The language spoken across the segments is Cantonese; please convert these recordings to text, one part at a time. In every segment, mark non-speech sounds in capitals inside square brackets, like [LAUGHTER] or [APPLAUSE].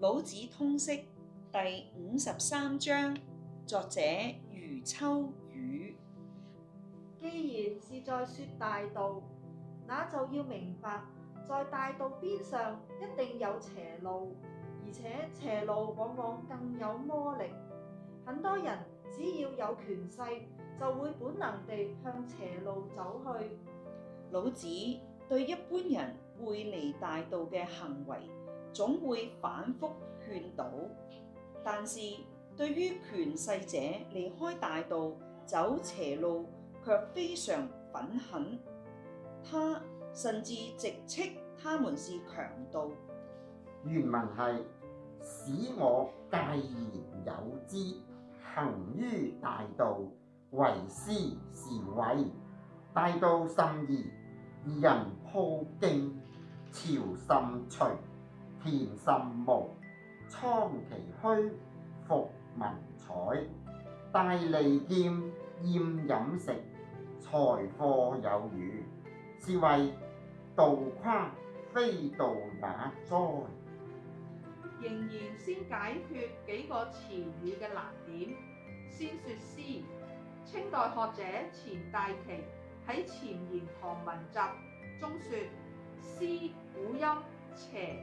老子通釋第五十三章，作者余秋雨。既然是在説大道，那就要明白，在大道邊上一定有邪路，而且邪路往往更有魔力。很多人只要有權勢，就會本能地向邪路走去。老子對一般人背離大道嘅行為，總會反覆勸導，但是對於權勢者離開大道走邪路，卻非常憤恨。他甚至直斥他們是強盜。原文係：使我介然有之，行於大道，為師是位，大道甚夷，二人好徑，朝甚除。年甚無，倉其虛，复文采，大利劍厭飲食，財貨有餘，是謂道夸，非道也哉。仍然先解決幾個詞語嘅難點，先說詩。清代學者錢大奇喺《前言唐文集》中說：詩古音邪。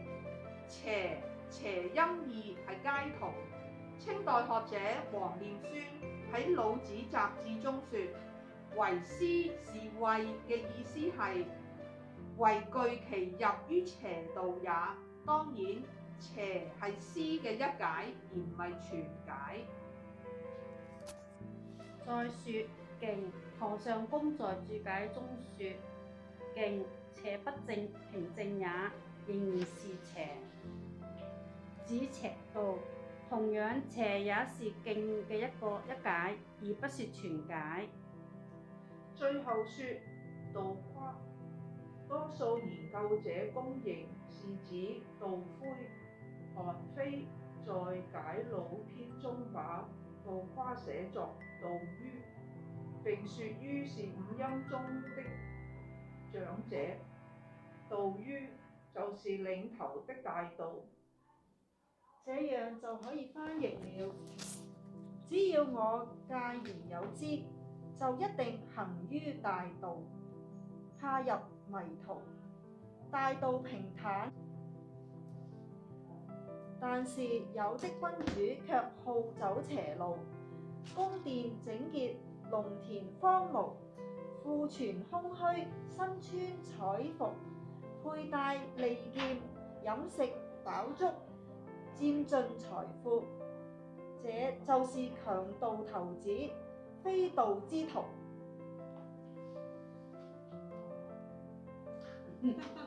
邪邪音義，係皆同。清代學者王念孫喺《老子雜誌》中說，為師是畏嘅意思係為據其入於邪道也。當然，邪係師嘅一解而唔係全解。再說，敬河上公在注解中說，敬邪不正平正也。仍然是邪，指邪道。同樣，邪也是敬嘅一個一解，而不是全解。最後說道夸，多數研究者公認是指道灰。韓非在《解老》篇中把道夸寫作道於，並說於是五音中的長者道於。就是領頭的大道，這樣就可以翻譯了。只要我介然有知，就一定行於大道，踏入迷途。大道平坦，但是有的君主卻好走邪路，宮殿整潔，農田荒蕪，庫存空虛，身穿彩服。佩戴利劍，飲食飽足，佔盡財富，這就是強盜頭子，非道之徒。 [LAUGHS]